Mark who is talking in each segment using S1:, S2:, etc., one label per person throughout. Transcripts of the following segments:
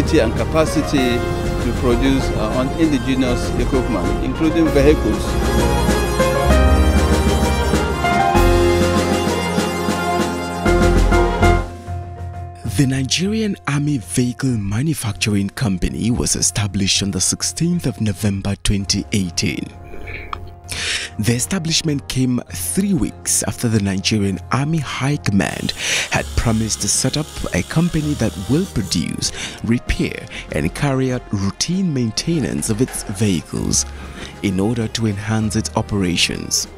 S1: ability and capacity to produce uh, on indigenous equipment, including vehicles. The
S2: Nigerian Army Vehicle Manufacturing Company was established on the 16th of November 2018. The establishment came three weeks after the Nigerian Army High Command had promised to set up a company that will produce, repair and carry out routine maintenance of its vehicles in order to enhance its operations.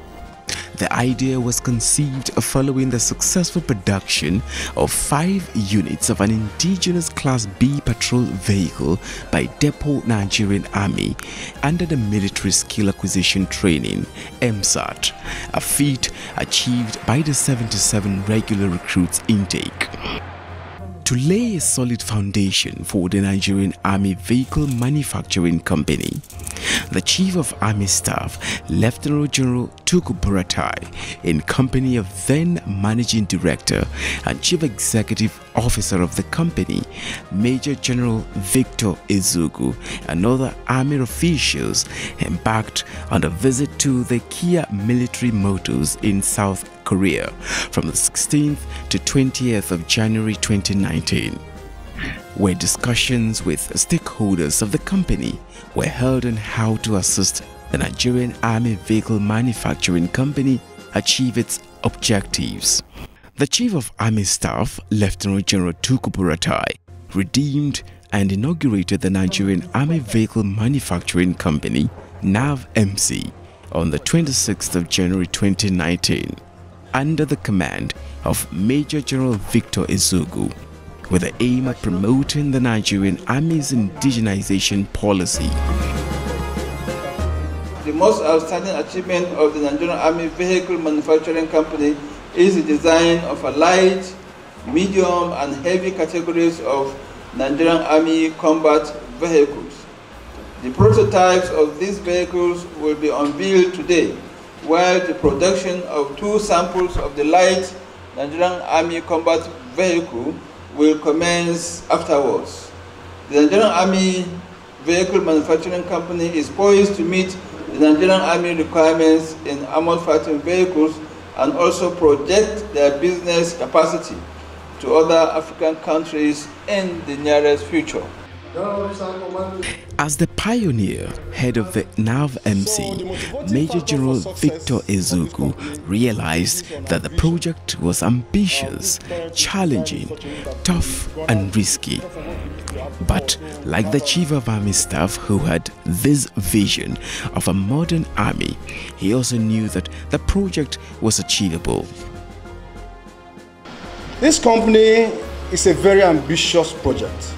S2: The idea was conceived following the successful production of five units of an indigenous Class B patrol vehicle by Depot Nigerian Army under the Military Skill Acquisition Training MSAT, a feat achieved by the 77 regular recruits intake. To lay a solid foundation for the Nigerian Army Vehicle Manufacturing Company, the Chief of Army Staff, Lieutenant General Tuku Buratai, in company of then Managing Director and Chief Executive Officer of the company, Major General Victor Izugu, and other army officials embarked on a visit to the Kia military motors in South Korea from the 16th to 20th of January 2019 where discussions with stakeholders of the company were held on how to assist the Nigerian Army Vehicle Manufacturing Company achieve its objectives. The Chief of Army Staff, Lieutenant General Tukuburatai, redeemed and inaugurated the Nigerian Army Vehicle Manufacturing Company, NAVMC, on the 26th of January 2019, under the command of Major General Victor Izugu with the aim at promoting the Nigerian Army's indigenization policy.
S1: The most outstanding achievement of the Nigerian Army Vehicle Manufacturing Company is the design of a light, medium and heavy categories of Nigerian Army combat vehicles. The prototypes of these vehicles will be unveiled today, while the production of two samples of the light Nigerian Army combat vehicle will commence afterwards. The Nigerian Army Vehicle Manufacturing Company is poised to meet the Nigerian Army requirements in armored fighting vehicles and also project their business capacity to other African countries in the nearest future.
S2: As the pioneer head of the NAV MC, Major General Victor Ezuku realized that the project was ambitious, challenging, tough and risky. But like the chief of army staff who had this vision of a modern army, he also knew that the project was achievable.
S3: This company is a very ambitious project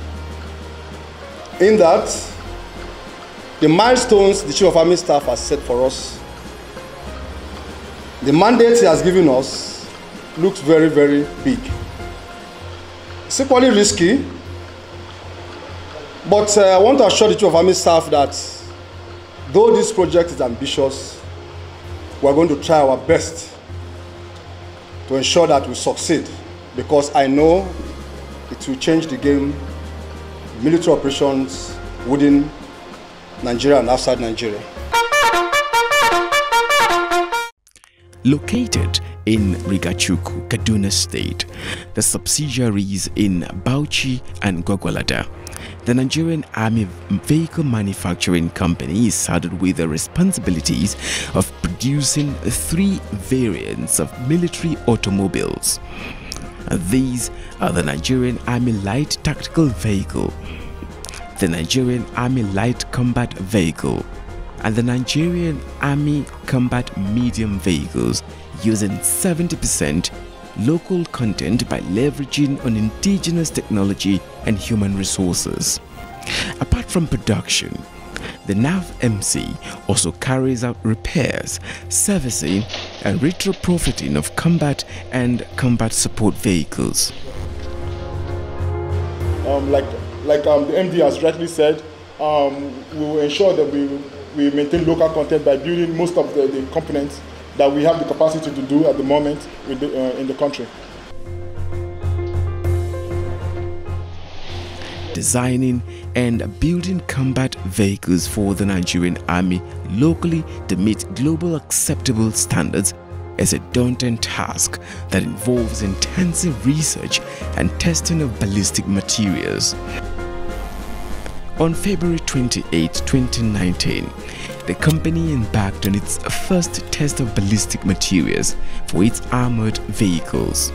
S3: in that the milestones the Chief of Army Staff has set for us, the mandate he has given us looks very, very big. It's equally risky, but uh, I want to assure the Chief of Army Staff that though this project is ambitious, we are going to try our best to ensure that we succeed because I know it will change the game military operations within Nigeria and outside Nigeria. Located
S2: in Rigachuku, Kaduna State, the subsidiaries in Bauchi and Gogolada, the Nigerian Army Vehicle Manufacturing Company is saddled with the responsibilities of producing three variants of military automobiles these are the Nigerian Army Light Tactical Vehicle, the Nigerian Army Light Combat Vehicle, and the Nigerian Army Combat Medium Vehicles using 70% local content by leveraging on indigenous technology and human resources. Apart from production, the MC also carries out repairs, servicing, and retroprofiting of combat and combat support vehicles.
S3: Um, like like um, the MD has rightly said, um, we will ensure that we, we maintain local content by building most of the, the components that we have the capacity to do at the moment the, uh, in the country.
S2: designing and building combat vehicles for the Nigerian Army locally to meet global acceptable standards is a daunting task that involves intensive research and testing of ballistic materials. On February 28, 2019, the company embarked on its first test of ballistic materials for its armored vehicles.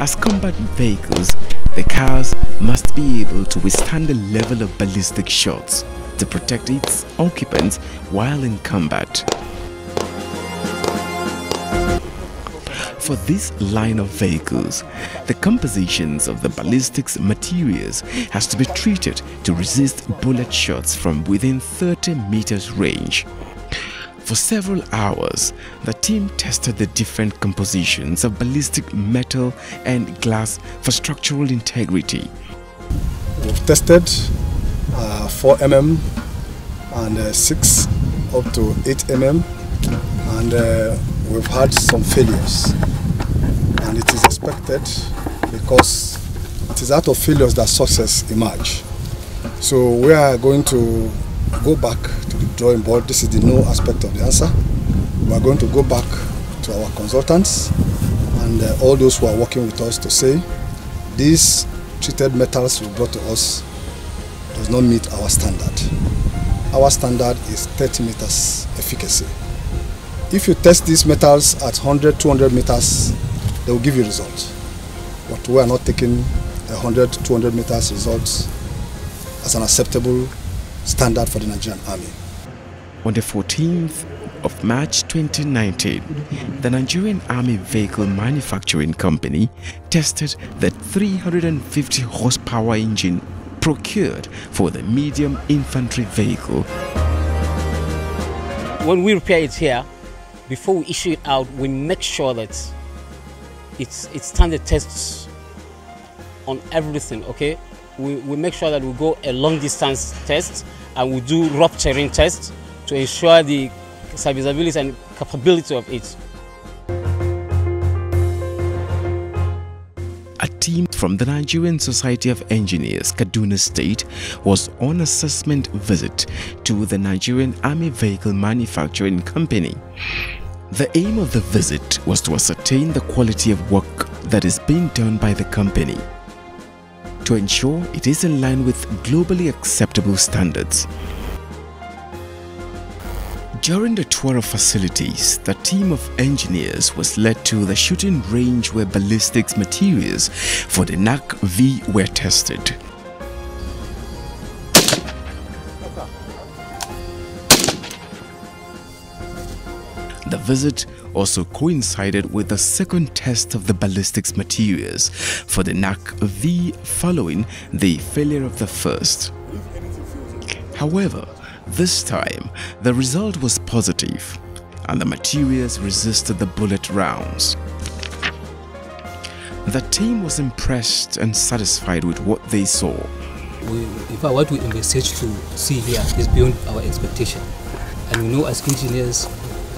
S2: As combat vehicles, the cars must be able to withstand the level of ballistic shots to protect its occupants while in combat. For this line of vehicles, the compositions of the ballistics materials has to be treated to resist bullet shots from within 30 meters range. For several hours, the team tested the different compositions of ballistic metal and glass for structural
S3: integrity. We've tested uh, 4 mm and uh, 6 up to 8 mm and uh, we've had some failures and it is expected because it is out of failures that success emerge. So we are going to go back to the drawing board. This is the no aspect of the answer. We're going to go back to our consultants and uh, all those who are working with us to say these treated metals you brought to us does not meet our standard. Our standard is 30 meters efficacy. If you test these metals at 100, 200 meters, they will give you results. But we are not taking 100, 200 meters results as an acceptable standard for the Nigerian army.
S2: On the 14th of March 2019, the Nigerian Army Vehicle Manufacturing Company tested the 350 horsepower engine procured for the medium infantry vehicle.
S3: When we repair it here, before we issue it out, we make sure that it's it's standard tests on everything, okay? We, we make sure that we go a long distance test and we do rough terrain test to ensure the serviceability and capability of it.
S2: A team from the Nigerian Society of Engineers, Kaduna State, was on assessment visit to the Nigerian Army Vehicle Manufacturing Company. The aim of the visit was to ascertain the quality of work that is being done by the company to ensure it is in line with globally acceptable standards. During the tour of facilities, the team of engineers was led to the shooting range where ballistics materials for the NAC-V were tested. The visit also coincided with the second test of the ballistics materials for the NAC-V following the failure of the first. However, this time, the result was positive, and the materials resisted the bullet rounds. The team was impressed and satisfied with what they saw.
S3: We, in fact, what we envisage to see here is beyond our expectation. And we know as engineers,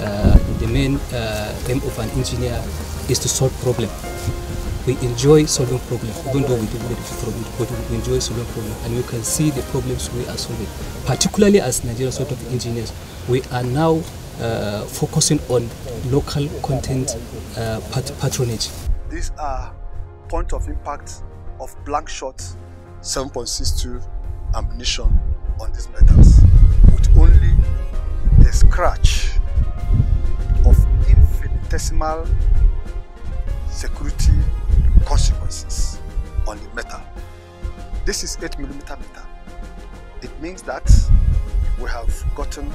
S3: uh, the main uh, aim of an engineer is to solve problems we enjoy solving problems, even though we don't it from it, but we enjoy solving problems. And you can see the problems we are solving. Particularly as Nigerian sort of engineers, we are now uh, focusing on local content uh, pat patronage. These are point of impact of blank shot 7.62 ammunition on these metals with only a scratch of infinitesimal security consequences on the metal. This is 8 millimeter metal. It means that we have gotten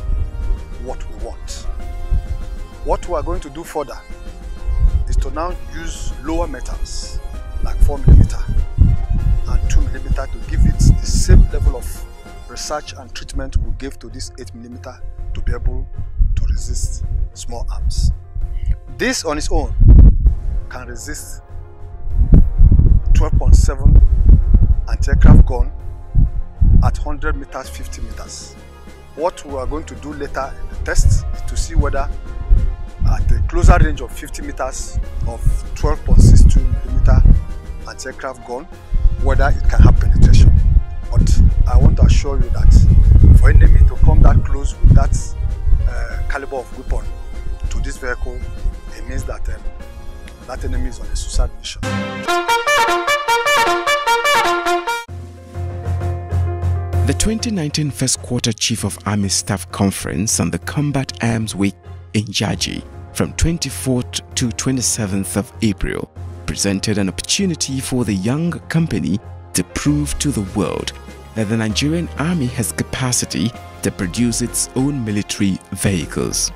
S3: what we want. What we are going to do further is to now use lower metals like 4 millimeter and 2 millimeter to give it the same level of research and treatment we gave to this 8 millimeter to be able to resist small arms. This on its own can resist 7 and aircraft gun at 100 meters, 50 meters. What we are going to do later in the test is to see whether at a closer range of 50 meters of 12.62 millimeter aircraft gun, whether it can have penetration. But I want to assure you that for enemy to come that close with that uh, caliber of weapon to this vehicle, it means that um, that enemy is on a suicide mission.
S2: The 2019 First Quarter Chief of Army Staff Conference and the Combat Arms Week in Jaji from 24th to 27th of April presented an opportunity for the young company to prove to the world that the Nigerian army has capacity to produce its own military vehicles.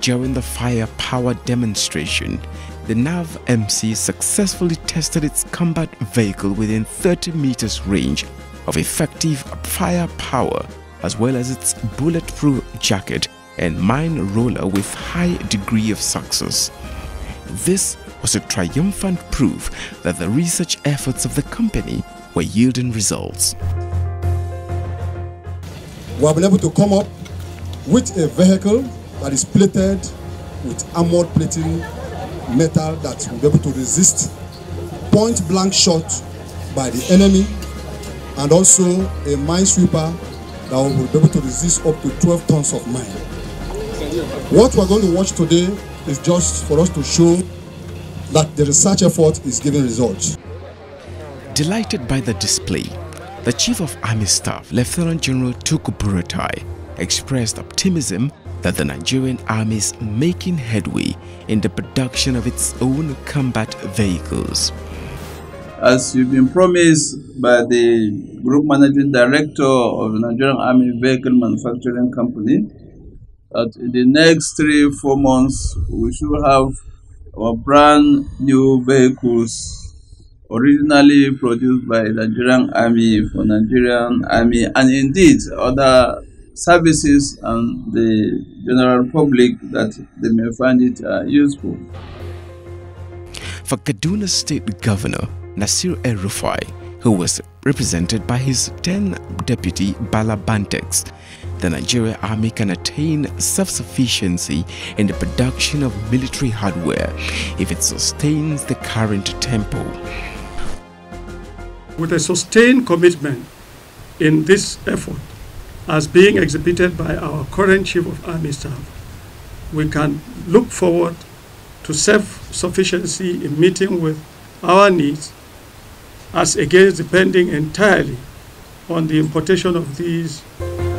S2: During the firepower demonstration, the NAV MC successfully tested its combat vehicle within 30 meters range of effective firepower as well as its bulletproof jacket and mine roller with high degree of success. This was a triumphant proof that the research efforts of the company were yielding results.
S3: We have been able to come up with a vehicle that is plated with armored plating metal that will be able to resist point blank shot by the enemy and also a mine sweeper that will be able to resist up to 12 tons of mine. What we're going to watch today is just for us to show that the research effort is giving results. Delighted by
S2: the display, the Chief of Army Staff, Lieutenant General Tuku expressed optimism that the Nigerian Army is making headway in the production of its own combat vehicles.
S1: As you've been promised, by the Group Managing Director of Nigerian Army Vehicle Manufacturing Company that in the next three, four months, we should have our brand new vehicles originally produced by the Nigerian Army for Nigerian Army and indeed other services and the general public that they may find it uh, useful.
S2: For Kaduna State Governor Nasir El Rufai, who was represented by his 10 deputy Bala The Nigeria Army can attain self-sufficiency in the production of military hardware if it sustains the current tempo.
S3: With a sustained commitment in this effort, as being exhibited by our current Chief of Army Staff, we can look forward to self-sufficiency in meeting with our needs as against depending entirely on the importation of these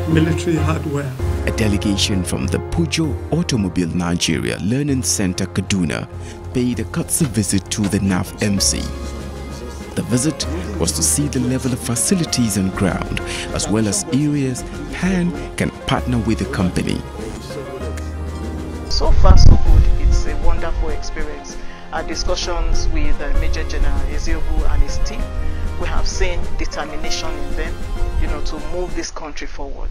S3: military hardware.
S2: A delegation from the Pujo Automobile Nigeria Learning Center Kaduna paid a Katsu visit to the NAV MC. The visit was to see the level of facilities on ground as well as areas PAN can partner with the company.
S1: So far so good, it's a wonderful
S2: experience our discussions with uh, Major General Eziobu and his team, we have seen determination in them, you know, to move this country forward.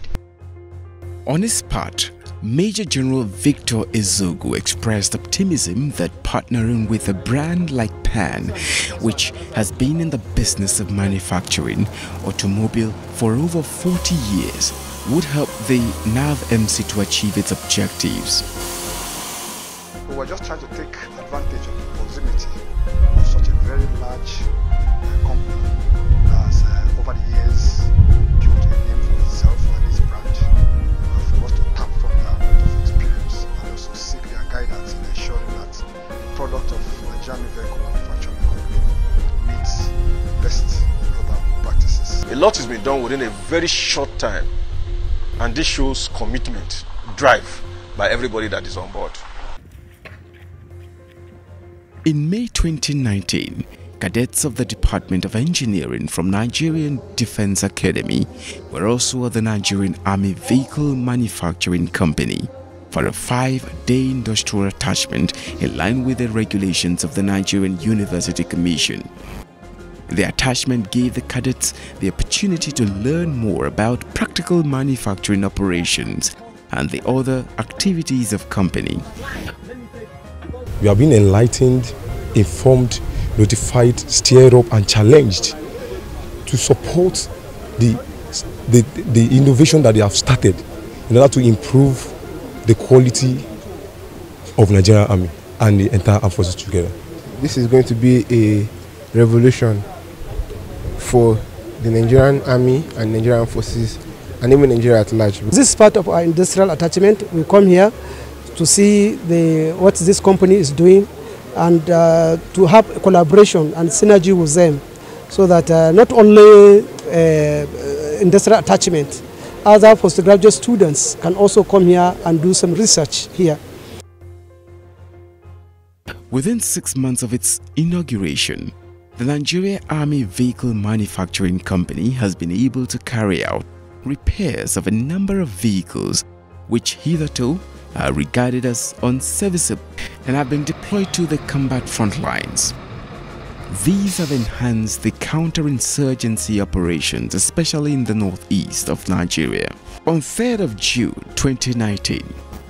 S2: On his part, Major General Victor Izugu expressed optimism that partnering with a brand like Pan, which has been in the business of manufacturing automobile for over 40 years, would help the NAV MC to achieve its objectives.
S3: We were just trying to take advantage of the proximity of such a very large uh, company that has uh, over the years built a name for itself and its brand uh, for us to tap from their wealth of experience and also seek their guidance in ensuring that the product of Nigerian vehicle manufacturing company meets best global practices. A lot has been done within a very short time and this shows commitment, drive by everybody that is on board.
S2: In May 2019, cadets of the Department of Engineering from Nigerian Defense Academy were also at the Nigerian Army Vehicle Manufacturing Company for a five-day industrial attachment in line with the regulations of the Nigerian University Commission. The attachment gave the cadets the opportunity to learn more about practical manufacturing operations and the other activities of company.
S3: You have been enlightened, informed, notified, stirred up, and challenged to support the, the, the innovation that they have started in order to improve the quality of Nigerian army and the entire armed forces together. This is going to be a revolution for the Nigerian army and Nigerian forces and even Nigeria at large. This is part of our
S2: industrial attachment. We come here to see the, what this company is doing and uh, to have collaboration and synergy with them so that uh, not
S3: only uh, industrial attachment, other postgraduate students can also come here and do some research here.
S2: Within six months of its inauguration, the Nigeria Army Vehicle Manufacturing Company has been able to carry out repairs of a number of vehicles which hitherto are uh, regarded as unserviceable and have been deployed to the combat front lines. These have enhanced the counterinsurgency operations, especially in the northeast of Nigeria. On 3rd of June 2019,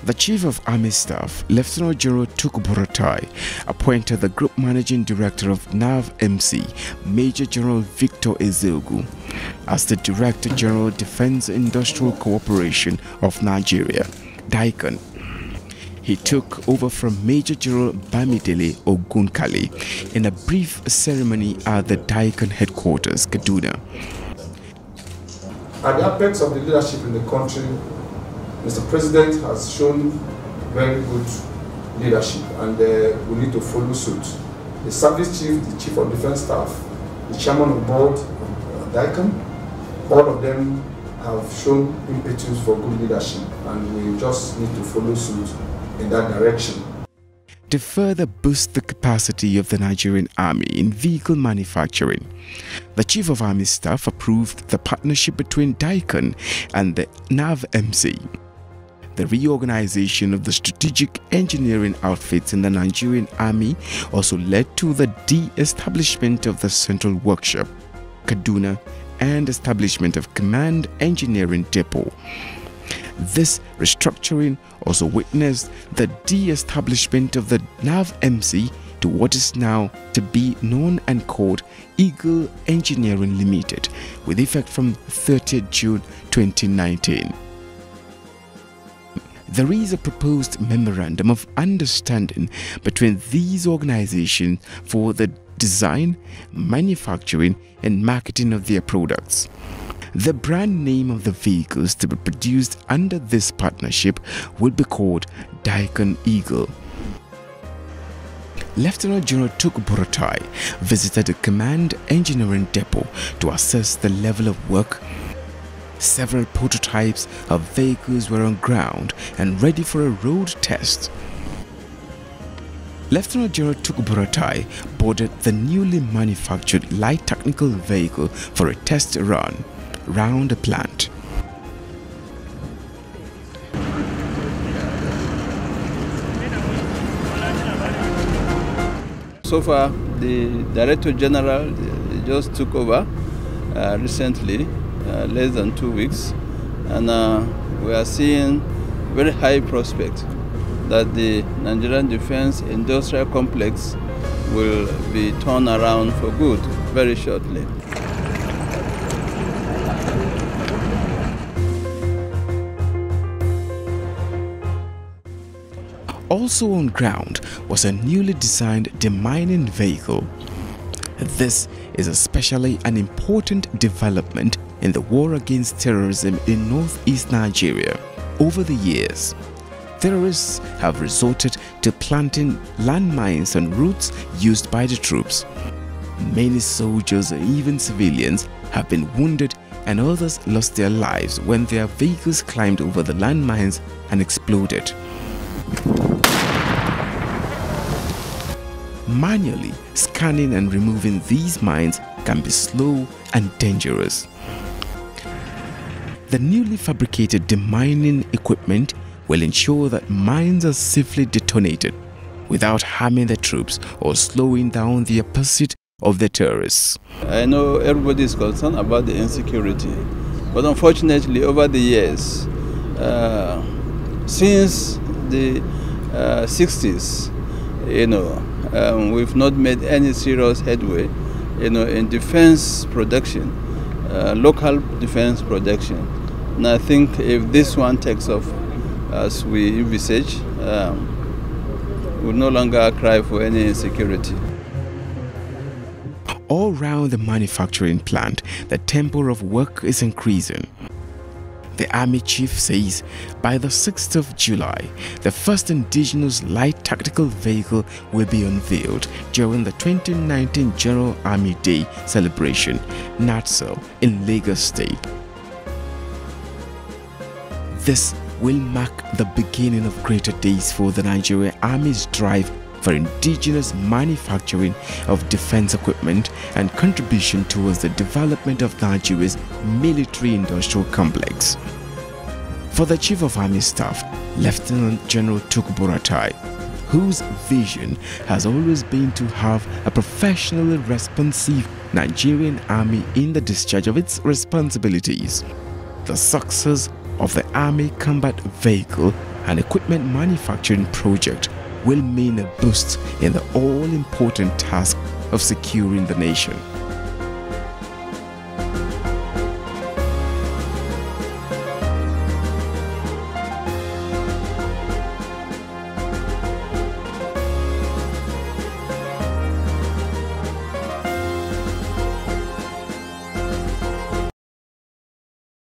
S2: the Chief of Army Staff, Lieutenant General Tukuburatai, appointed the Group Managing Director of NAV MC, Major General Victor Ezeogu, as the Director General Defense Industrial Cooperation of Nigeria, DICON, he took over from Major General Bamidele Ogunkale in a brief ceremony at the Daikon headquarters, Kaduna.
S3: At the apex of the leadership in the country, Mr. President has shown very good leadership and uh, we need to follow suit. The service chief, the chief of defense staff, the chairman of board of uh, all of them have shown impetus for good leadership and we just need to follow suit in that direction.
S2: To further boost the capacity of the Nigerian Army in vehicle manufacturing, the Chief of Army Staff approved the partnership between Daikon and the NAVMC the reorganization of the strategic engineering outfits in the Nigerian army also led to the de-establishment of the central workshop, Kaduna, and establishment of Command Engineering Depot. This restructuring also witnessed the de establishment of the NAV MC to what is now to be known and called Eagle Engineering Limited, with effect from 30 June 2019. There is a proposed memorandum of understanding between these organizations for the design, manufacturing, and marketing of their products. The brand name of the vehicles to be produced under this partnership would be called Daikon Eagle. Lieutenant General Tuk visited the Command Engineering Depot to assess the level of work. Several prototypes of vehicles were on ground and ready for a road test. Lieutenant General Tuk boarded the newly manufactured light technical vehicle for a test run round a plant.
S1: So far, the Director General uh, just took over uh, recently, uh, less than two weeks, and uh, we are seeing very high prospect that the Nigerian defense industrial complex will be turned around for good very shortly.
S2: also on ground was a newly designed demining vehicle. This is especially an important development in the war against terrorism in northeast Nigeria. Over the years, terrorists have resorted to planting landmines on routes used by the troops. Many soldiers and even civilians have been wounded and others lost their lives when their vehicles climbed over the landmines and exploded manually scanning and removing these mines can be slow and dangerous. The newly fabricated demining equipment will ensure that mines are safely detonated without harming the troops or slowing down the pursuit of the terrorists.
S1: I know everybody is concerned about the insecurity, but unfortunately over the years, uh, since the uh, 60s, you know, um, we've not made any serious headway, you know, in defense production, uh, local defense production. And I think if this one takes off, as we envisage, um, we'll no longer cry for any insecurity.
S2: All round the manufacturing plant, the tempo of work is increasing the Army Chief says by the 6th of July, the first indigenous light tactical vehicle will be unveiled during the 2019 General Army Day celebration, NATSO, in Lagos State. This will mark the beginning of greater days for the Nigerian Army's drive for indigenous manufacturing of defense equipment and contribution towards the development of Nigeria's military-industrial complex. For the Chief of Army Staff, Lieutenant General Tukburatai, whose vision has always been to have a professionally responsive Nigerian army in the discharge of its responsibilities. The success of the Army Combat Vehicle and Equipment Manufacturing Project will mean a boost in the all important task of securing the nation.